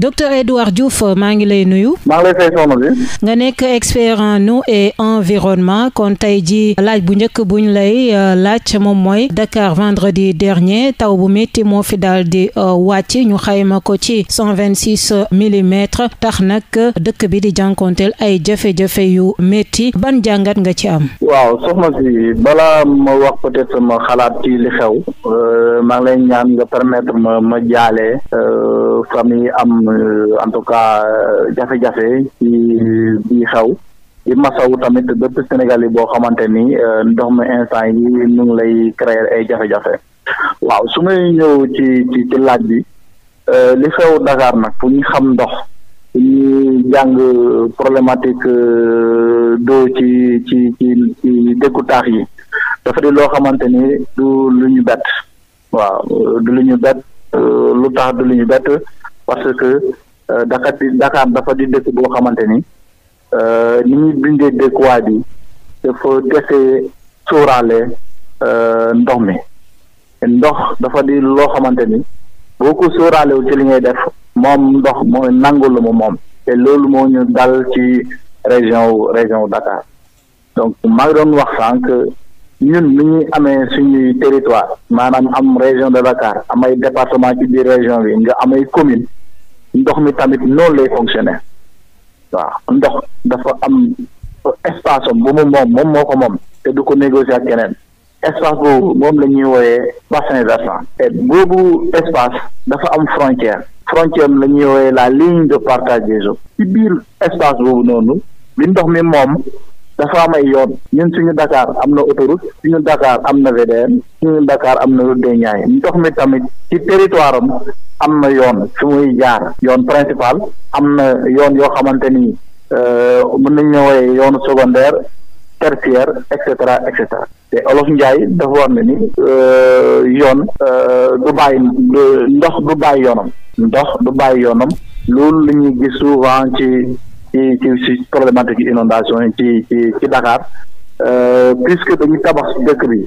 docteur Edouard Diouf euh, maa ngi lay nuyu. maa ngi lay fay soxna bi. nga nekk expert en eau et environnement kon tey ji laaj bu njëkk buñ lay euh, laaj moom mooy Dakar vendredi dernier taw bu métti moo fi daal di euh, wàcc ñu xayma ko ci cent vingt six millimètres tax nag dëkk bi di jànkonteel ay jafe-jafe yu métti ban jàngat nga ci am. waaw soxna si balaa ma wax peut-être ma xalaat ci li xew maa ngi lay ñaan nga permettre ma ma jaale famille am. Euh, en tout cas euh, jafe-jafe ci bi xew di masawu tamit bépp Sénégal yi boo xamante ni euh, ndox mi instant yi ñu ngi lay créer ay jafe-jafe waaw su may ñëw ci ci ci laaj bi li xew Dakar nag fu ñu xam ndox fu ñu jàng problématique doo ci ci ci ci dëkku taax yi dafa di loo xamante ni du lu ñu bett waaw lu tax du lu ñu bett parce que euh, Dakar di Dakar dafa di dëkk boo xamante ni euh, ni ñu bindee dëkkuwaay bi dafa dese sóoraale euh, ndox mi ndox dafa di loo xamante ni boo ko sóoraalewul ci li ngay def moom ndox mooy nangul mu moom te loolu moo ñu dal ci région région Dakar donc maa ngi doon wax sànq ñun ni ñuy amee suñuy territoire maanaam am région de Dakar am ay département ci biir région bi nga amay commune ndox mi tamit noonu lay fonctionner waaw ndox dafa am espace am bu mu moom moom moo ko moom te du ko négocier ak keneen espace boobu moom la ñuy wooyee bassin versant et boobu espace dafa am frontière frontière la ñuy wooyee la ligne de partage des eaux ci biir espace boobu noonu li ndox mi moom dafa am yoon ñun suñu Dakar am na autoroute suñu Dakar am na VDN suñu Dakar am na route des Niayes ndox mi tamit ci territoire am am na yoon su muy jaar yoon principal am na yoon yoo xamante ni euh, mën nañu ñëwee yoonu secondaire tertiaire et cetera et cetera te Olof Njaay dafa wax ne ni euh, yoon euh, du bàyyi ndox du bàyyi yoonam ndox du bàyyi yoonam loolu la gis souvent ci. ci ci ci problématique inondation yi ci ci ci Dakar euh, puisque dañuy tabax dëkk bi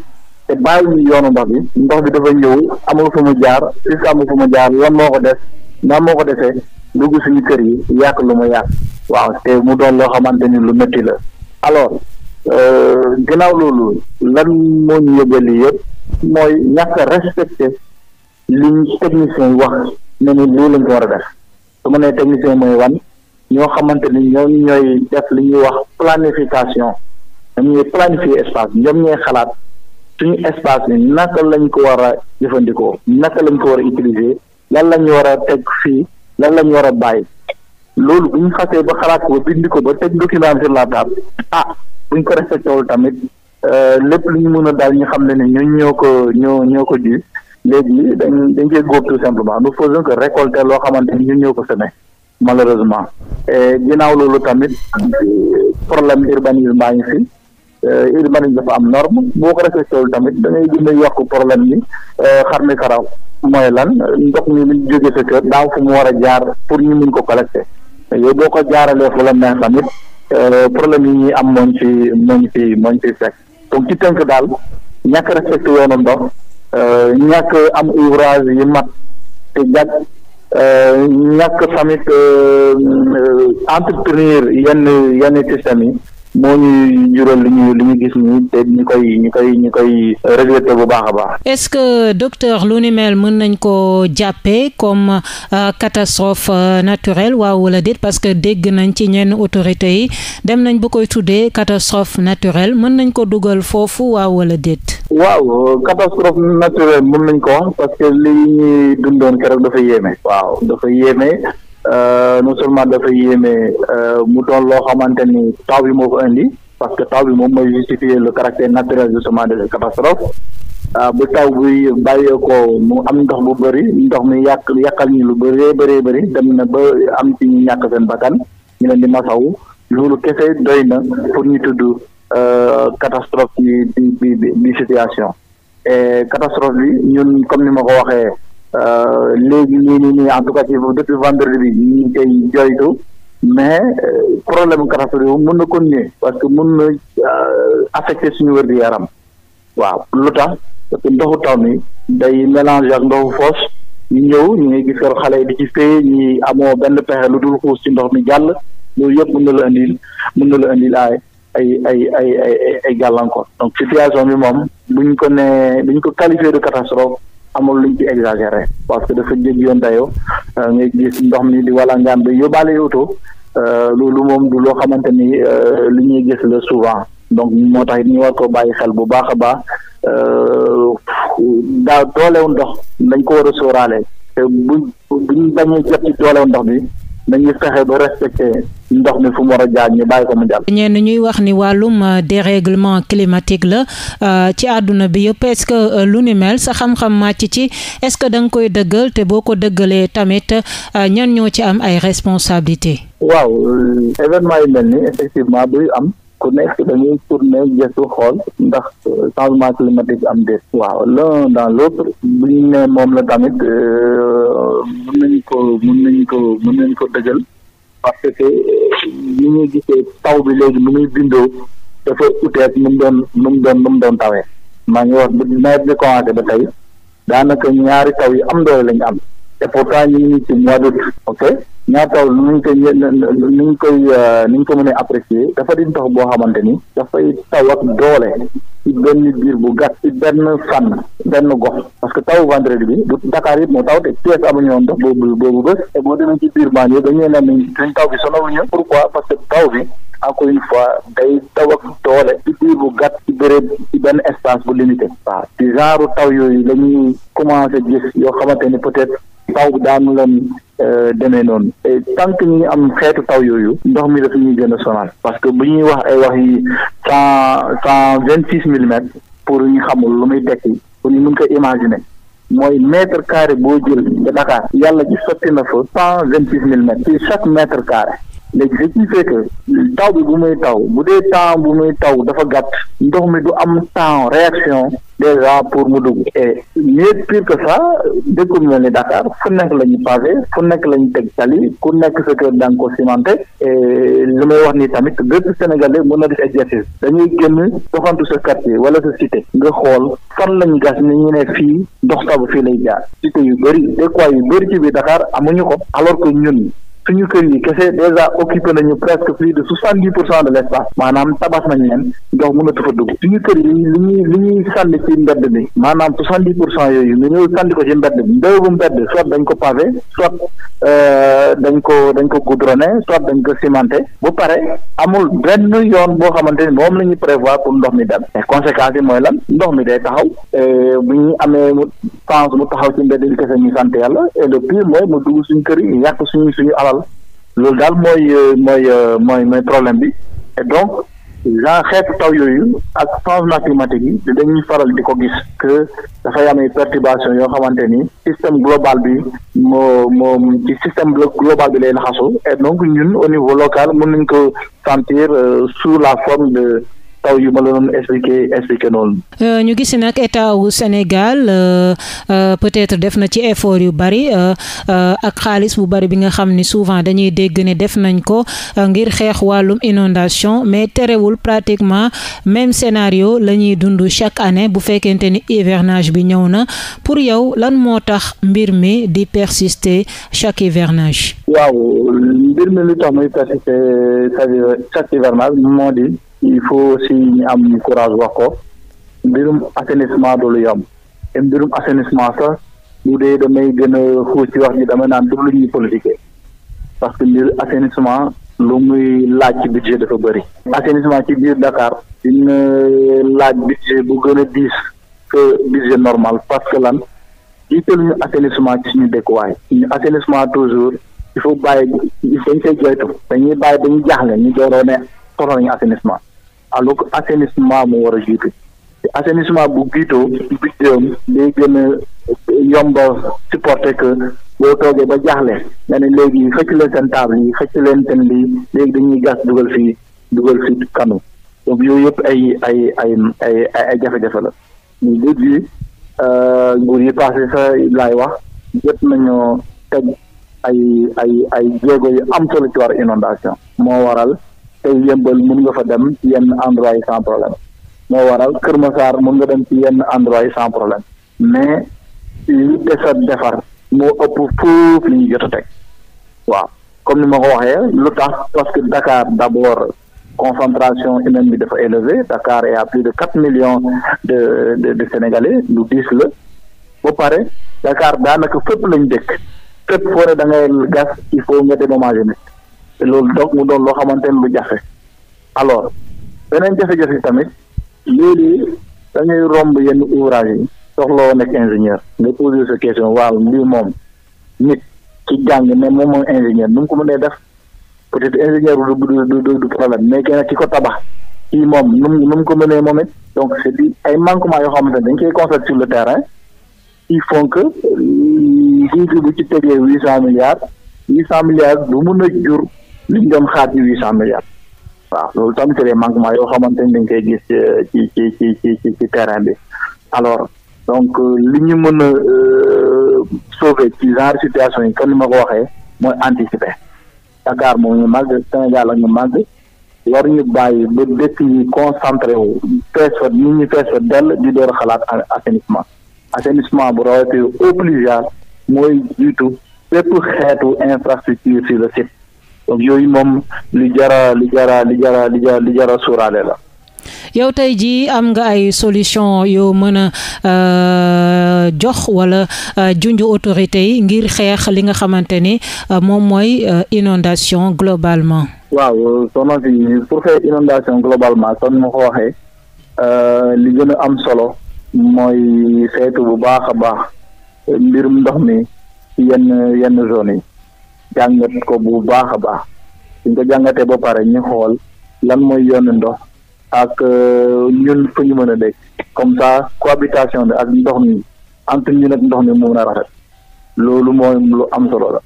te bàyyi yoonu ndox bi ndox bi dafa ñëw amul fu mu jaar puisque amul fu mu jaar lan moo ko des ndax moo ko desee dugg suñu kër yi yàq lu mu yàq waaw te mu doon loo xamante ni lu métti la alors euh, ginnaaw loolu lan moo ñu yóbbee yëpp mooy ñàkk a respecté liñ technicien yi wax ne ni lii lañ ko war a def su ma nee technicien mooy wan ñoo xamante ni ñoom ñooy def li ñuy wax planification ñoom ñooy planifier espace ñoom ñooy xalaat suñu espace bi naka lañu ko war a jëfandikoo naka lañ ko war a utiliser lan lañ war a teg fii lan lañ war a bàyyi loolu bu xasee ba xalaat ko bindi ko ba teg document sur la table ah buñ ñu ko respecté wul tamit euh, lépp lu ñu mën a daal ñu xam ne ne ñu ñoo ko ñoo ñoo ko ji léegi dañ dañ koy góob tout simplement nous faisons que récolter loo xamante ni ñun ñoo ko semé malheureusement ginnaaw loolu tamit problème urbanisme baa ngi fi euh, urbanisme dafa am norme boo ko respecté wul tamit dangay ngay gën a yokk problème bi euh, xar mi karaw mooy lan ndox mi mu jóge sa kër daaw fu mu war a jaar pour ñu mun ko collecté yooyu boo ko jaaralee fu la neex tamit euh, problème yi ñuy am mooñ ci mooñ ci mooñ ci fekk donc ci tënk daal ñàkk respecté yoonu ndox ñàkk am ouvrage yi mat te jàkk ñàkk tamit euh, euh, entrepreneur yenn yenn système yi moo ñuy jural li ñu li ñu gis nii te ñu koy ñu koy ñu bu baax a baax. est-ce que docteur lu ni mel mën nañ koo jàppee comme euh, catastrophe euh, naturelle waaw wala déet parce que dégg nañ ci ñenn autorités yi dem nañ bu koy tuddee catastrophe naturelle mën nañ ko dugal foofu waaw wala déet. waaw catastrophe naturelle mën nañ ko wax parce que li ñuy dundoon keroog dafa yéeme. waaw dafa yéeme. Euh, non seulement dafa yéeme euh, mu doon loo xamante ni taw bi moo ko indi parce que taw bi moom mooy justifier le caractère naturel justement de la catastrophe euh, bu taw buy ko mu am ndox bu bëri ndox mi yàq yàqal ñu lu bëree bëree bëri dem na ba am ci ñu ñàkk seen bakkan ñu leen di ma masawu loolu kese doy na pour ñu tudd catastrophe bi bi bi situation et catastrophe bi ñun comme ni ma ko waxee. Euh, léegi nii nii nii en tout cas ci depuis vendredi bi ñu ngi koy joytu mais euh, problème catastrophe boobu mën na continuer parce que mun na euh, affecté suñu wér gu yaram waaw lu tax parce que ndoxu taw mi day mélanger ak ndoxu foos ñu ñëw ñu ngi gis ko xale yi di ci fee ñi amoo benn pexe lu dul xuus ci ndox mi jàll loolu yëpp mën na la indil mën na la indil ay ay ay ay ay ay gàllankoor donc situation bi moom buñ ko nee duñ ko qualifié de catastrophe amul luñ ci exagéré parce que dafa jëg yoon dayoo euh, nga gis ndox mi di walla walangaan ba yóbbaale oto euh, loolu moom du loo xamante ni euh, lu ñuy gis la souvent donc moo tax it ñu war ko bàyyi xel bu baax a baax daa doolew ndox dañ ko war a te buñ buñ bañee jot ci doolew ndox bi nañu fexe ba respecté ndox mi fu mu war a ñuy wax ni wàllum euh, dérèglement climatique la euh, ci àdduna bi yëpp est-ce que euh, lu ni mel sa xam-xam màcc ci est-ce que da koy dëggal te boo ko dëggalee tamit ñan ñoo ci am ay responsabilité waaw événement yu mel ni effectivement buy am. ku nekk dañuy tourné gëstu xool ndax euh, changement climatique am déet waaw l'un dans l'autre bu ñu ne moom la tamit euh, mën nañu ko mën nañu ko mën nañu ko dëggal parce que euh, ni ñuy gisee taw bi léegi nu muy bindoo dafa uteet nu mu doon nu mu doon nu mu doon tawee maa ngi wax bu nawet bi commencé ba tey daanaka ñaari taw yi am doole lañu am te pourtant ñu ngi ci mois d'août ok ñaataw nu ñu koy nu ñu koy euh, nu ñu ko mënee apprécier dafa di tox boo xamante ni dafay taw ak doole ci benn biir bu gàtt ci benn fànn benn gox parce que taw vendredi bi du Dakar yëpp moo taw te Thiès amuñu woon ndox boobu boobu bés te boo demee ci biir Banjul dañuy ne nañ dañ taw bi sonal ñu pourquoi parce que taw bi encore une fois day taw ak doole ci diir bu gàtt ci béréb ci benn espace bu limité waaw ci genre taw yooyu la ñuy commencé gis yoo xamante ni peut-être taw bi daanu leen euh, demee noonu tant que ñu am xeetu taw yooyu ndox mi dafa ñuy gën a sonal parce que bu ñuy wax ay wax yi cent cent vingt six millimètres pour ñu xamul lu muy tekki pour ñu mun ko imaginer mooy mètre carré boo jël ba Dakar yàlla ci sotti na fa cent vingt six millimètres ci chaque mètre carré léegi ce qui fait taw bi bu muy taw bu dee temps bu muy taw dafa gàtt ndox mi du am temps réaction déjà pour mu dugg et mieux pire que ça dëkk bu mel ni Dakar fu nekk la ñu pavé fu nekk la ñu teg tali ku nekk sa kër da nga ko cimenté et li may wax nii tamit bépp Sénégalais mën na def exercice dañuy génn doxantu sa quartier wala sa cité nga xool fan lañu gas ni ñu ne fii ndox tabu fii lay jaar cité yu bëri des fois yu bëri ci biir Dakar amuñu ko alors que ñun suñu kër yi kese déjà occupé nañu presque plus de soixante dix pour cent de l' espace maanaam tabax nañ leen ndox mënatu fa dugg suñu kër yi li ñuy li ñuy sànni ci mbedd bi maanaam soixante dix pour cent yooyu nga ñëw sànni ko ci mbedd bi ndëw bu mbedd soit dañ ko pavé soit euh, dañ ko ko goudronné soit dañ ko cimenté bu pare amul benn yoon boo xamante ni moom la ñu prévoir pour ndox mi dem mais conséquence yi mooy lan ndox mi day taxaw e bu ñu amee mu mu taxaw ci mbedd bi kese ñu sant yàlla loolu daal mooy mooy mooy mooy problème bi et donc genre xeetu taw yooyu ak changement climatique yi dañuy faral di ko gis que dafay am ay perturbation yoo xamante ni système global bi moo moom ci système global bi lay laxasu et donc ñun au niveau local mën nañ ko sentir euh, su la forme de taw yu ma la doon expliqué expliqué noonu. Euh, ñu gis nag état wu Sénégal euh, euh, peut-être def na ci effort yu bari ak xaalis bu bari bi nga xam ni souvent dañuy dégg ni def nañ ko ngir xeex wàllum inondation mais terewul pratiquement même scénario la ñuy dund chaque année bu fekkente ni hivernage bi ñëw na pour yow lan moo tax mbir mi di persister chaque hivernage. waaw mbir mi li tax muy persister chaque hivernage moo di. il faut si ñu am courage wax ko mbirum assainissement du lu yomb te mbirum assainissement sax bu dee damay gën a ci wax ji dama naan du lu ñuy politiquer parce que mbir assainissement lu muy laaj ci budget dafa bëri assainissement ci biir Dakar dina euh, laaj budget bu gën a diis que budget normal parce que lan jiitalu ñu assainissement ci suñu dëkkuwaay ñu assainissement toujours il faut bàyyi dañ koy joytu dañuy bàyyi dañuy jaaxle ñu dooroo ne soxla nañu assainissement alors que assainissement war a jiitu te bu giitoo budget day gën a yomb supporter que boo toogee ba jaaxle nga ne léegi xëcc leen seen table yi xëcc leen seen lii léegi dañuy gas dugal fii dugal fii kanu yooyu yëpp ay ay ay ay ay jafe-jafe la ñu léegi euh, nguur yi passé sa laay wax jot nañoo teg ay ay ay jéego yu am solo ci war inondation moo waral tey yëmbal mun nga fa dem ci yenn endroit yi sans problème moo waral Kër Massar mun nga dem ci yenn endroit yi sans problème mais li desa defar moo ëpp foofu li ñu jot waaw comme ni ma ko waxee lu tax parce que Dakar d'abord concentration humaine bi dafa élevée Dakar y a plus de quatre millions de de de Sénégalais lu diis la ba pare Dakar daanaka fépp lañ dëkk fépp foo ne da ngay gas il faut nga déménager loolu donc mu doon loo xamante ne lu jafe alors beneen jafe-jafe tamit léegi da ngay romb yenn ouvrage yi soxla woon nekk ingénieur nga posé sa question waaw lii moom nit ci jàng ne moom moom ingénieur nu mu ko mënee def peut-être ingénieur du du du du problème mais kenn ki ko tabax kii moom nu mu ko mënee moom it donc c'est di ay manquement yoo xamante ne dañ koy constater sur le terrain qui font que jiitu euh, bu ci tegee huit cent milliards huit cent milliards du mun a jur. li doon xaar ci huit cent milliards. waaw loolu tamit c'est yoo xamante ni dañ koy gis ci ci ci ci ci ci terrain bi alors donc euh, li ñu mën a euh, sauver ci genre situation yi comme ni ma ko waxee mooy anticiper Dakar moom ñu màgg Sénégal ak ñu màgg war ñu bàyyi ba dëkk yi concentré wu fees fa nit ñi fees fa dell di door xalaat assainissement assainissement bu rawatee obligé mooy jiitu bépp xeetu infrastructure si le site. donc yooyu moom li jara li jara li jara li jara suuraale la yow tey jii am nga ay solution yoo mën a euh, jox wala euh, junj autorité yi ngir xeex li nga xamante ni euh, moom mooy euh, inondation globalement waaw soxna si pour xeex inondation globalement kon ma ko waxee euh, li gën a am solo mooy saytu bu baax a baax mbirum ndox mi ci yenn yenn yi jàngat ko bu baax a baax suñ ko jàngatee ba pare ñu xool lan mooy yoonu ndox ak euh, ñun fu ñu mën a dégg comme ça cohabitation bi ak ndox mi entre ñun ak ndox mi moom na a rafet loolu mooy lu am solo la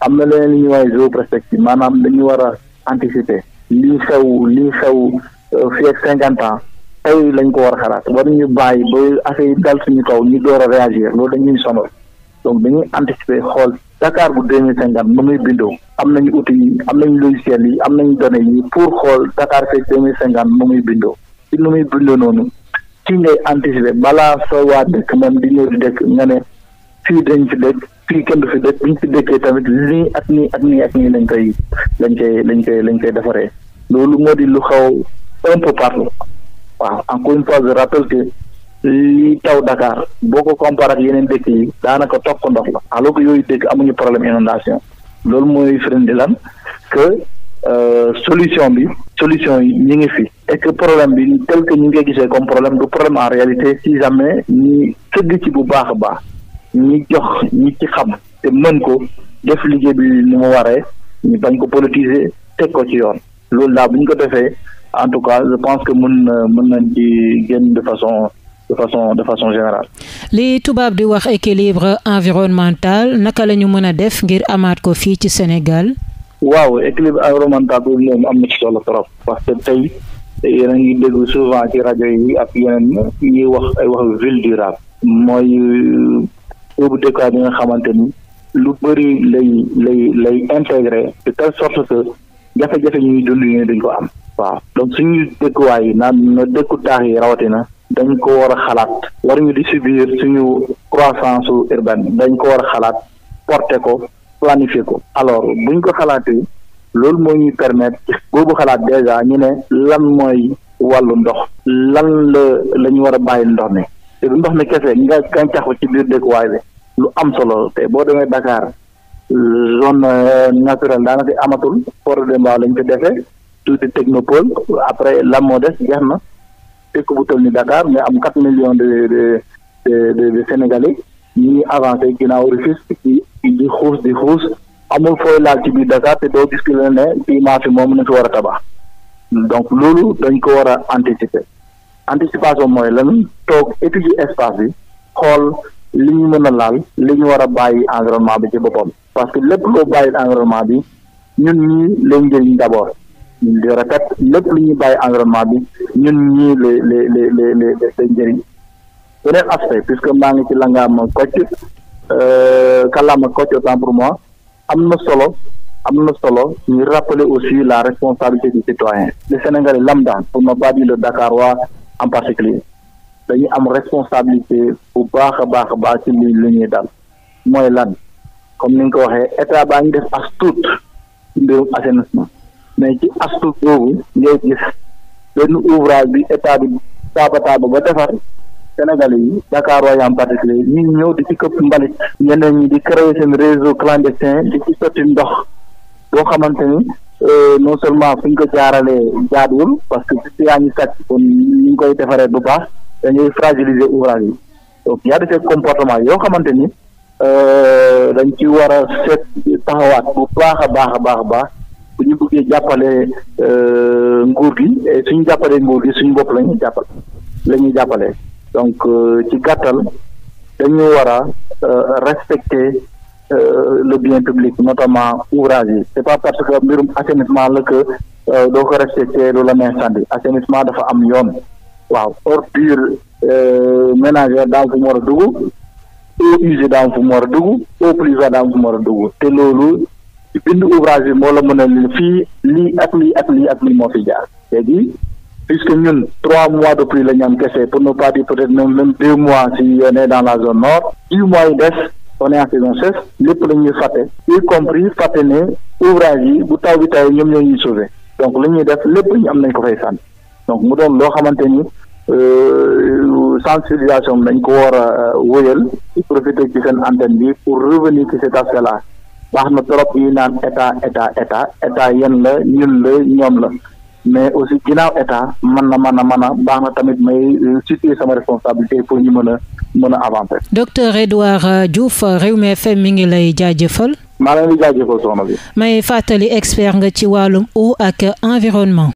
am na leneen li ñuy waaye géoprospective maanaam dañu war a anticiper lii xew lii xew euh, fi ak cinquante ans tey lañ ko war a xalaat war ñu bàyyi ba affaire yi dal suñu kaw ñu door a réagir loolu dañuy sonal donc dañuy anticiper xool Dakar bu deux mille cinquante nu muy bindoo am nañu outils yi am nañu logiciels yi am nañu données yi pour xool Dakar fekk deux mille cinquante nu muy bindoo ci nu muy bindoo noonu ci ngay anticiper balaa soo waa dëkk même di ñëw di dëkk nga ne fii dañ fi dëkk fii kenn du fi dëkk buñ fi dëkkee tamit nii ak nii ak nii ak nii lañ koy lañ koy lañ koy lañ koy defaree loolu moo di lu xaw un peu partout waaw encore une fois rappelle que li taw Dakar boo ko comparé yeneen dëkk yi daanaka tokk ndox la alors que yooyu dëkk amuñu problème inondation loolu mooy di lan que euh, solution bi solution yi ñu ngi fi et que problème bi tel que ñu ngi gisee comme problème du problème en réalité si jamais ñi tëgg ci bu baax a baax ñi jox ñi ci xam te mën ko def liggéey bi ni mu waree ñu bañ ko politiser teg ko ci yoon loolu daal bu ñu ko defee en tout cas je pense que mun na mën nañ ci génn de façon de façon de façon générale. li tubaab di wax équilibre environnemental naka la mën a def ngir amaat ko fii ci Sénégal. waaw équilibre environnemental boobu moom am na ci solo trop parce que tey yéen a ngi dégg souvent ci rajo yi ak yeneen ñuy wax ay wax ville durable. mooy boobu dëkkuwaay bi nga xamante ni lu bëri lay lay lay intégré de telle sorte que jafe-jafe ñuy dund yéen dañ ko am. waaw donc suñu dëkkuwaay naan na dëkku taax yi rawatina. dañ ko war a xalaat war ñu di subir suñu croissance urbaine dañ ko war a xalaat porter ko planifier ko alors buñ ko xalaatee loolu moo ñuy permettre boobu xalaat déjà ñu ne lan mooy wàllu ndox lan lañu la ñu war a bàyyi ndox mi te du ndox mi kese nga gàncax ci biir dëkkuwaay bi lu am solo te boo demee Dakar zone euh, naturelle daanaka amatul forêt de Mbao lañ ko defee tuuti technopole après lan moo des jeex na dëkk bu toll ni Dakar nga am quatre millions de de de de Sénégalais ñuy ginaaw ginnaaw Rufisque di di xuus di xuus amul fooy laal ci biir Dakar te doo gis ki la ne fii fi moom na fi war a tabax donc loolu dañ ko war a anticiper anticipation mooy lan toog étudier espace bi xool li ñu mën a laal li ñu war a bàyyi environnement bi ci boppam parce que lépp loo bàyyi environnement bi ñun ñii lay njëriñ d'abord je lépp lu ñuy bàyyi environnement bi ñun ñii les les les les les les njëriñ beneen aspect puisque maa ngi ci langaama Kocc euh, kàllaama Kocc autant pour moi am na solo am na solo ñu rappeler aussi la responsabilité du citoyen le Sénégalais lambda pour ne pas dire le Dakarois en particulier dañu am responsabilité bu baax a baax a baax ci li li ñuy dal mooy lan comme ni nga ko waxee état baa ngi def as tuut ci mbirum assainissement mais ci astu boobu ngay gis benn ouvrage bi état bi taaba taaba ba defar Sénégal yi Dakar waaye en particulier ñu ñëw di ci këpp mbalit ñeneen ñi di créer seen réseau clandestin di ci sotti ndox boo xamante ni euh, non seulement fu ñu ko jaaralee jaaduwul parce que si yaa ngi sàcc kon ñu koy defaree bu baax dañuy fragiliser ouvrage yi donc y a des yoo xamante ni euh, dañ ci war a taxawaat bu baax a baax a baax baax bu ñu bëggee jàppale euh, nguur gi et suñu jàppalee nguur gi suñu bopp la ñuy jàppal la ñuy jàppale donc euh, ci gàttal dañu war a euh, respecter le bien public notamment ouvrage yi c'est pas parce que mbirum assainissement la que doo ko respecter lu la may sànni dafa am yoon waaw ordure ménagère daam fu mu war a dugg eaux fu mu war a dugg eaux pluviales daam a dugg te loolu bind ouvrage bi moo la mën a fii lii ak lii ak lii ak moo fi jaar léegi puisque ñun trois mois de pluie la am kese pour ne pas dire peut-être même même deux mois si on dans la zone nord dix mois yi des on est saison sèche lépp la ñuy fàtte y compris fàtte ne ouvrage yi bu taw bi taw ñoom ñoo ñuy sauver donc la ñuy def lépp ñu am nañ ko fay sànni donc mu doon loo xamante ni euh, sensibilisation bi nañ ko war a euh, wóyal profiter ci seen antenne bi pour revenir ci cet baax na trop yu naan état état état état yéen la ñun la ñoom la mais aussi ginnaaw état man na man na mën a baax na tamit may euh, situer sama responsabilité pour ñu mën a mën a avancer. docteur Edouard euh, Diouf euh, Rewmi FM mi ngi lay jaajëfal. maa ngi lay jaajëfal soxna bi. may fàttali expert nga ci wàllum eau ak environnement.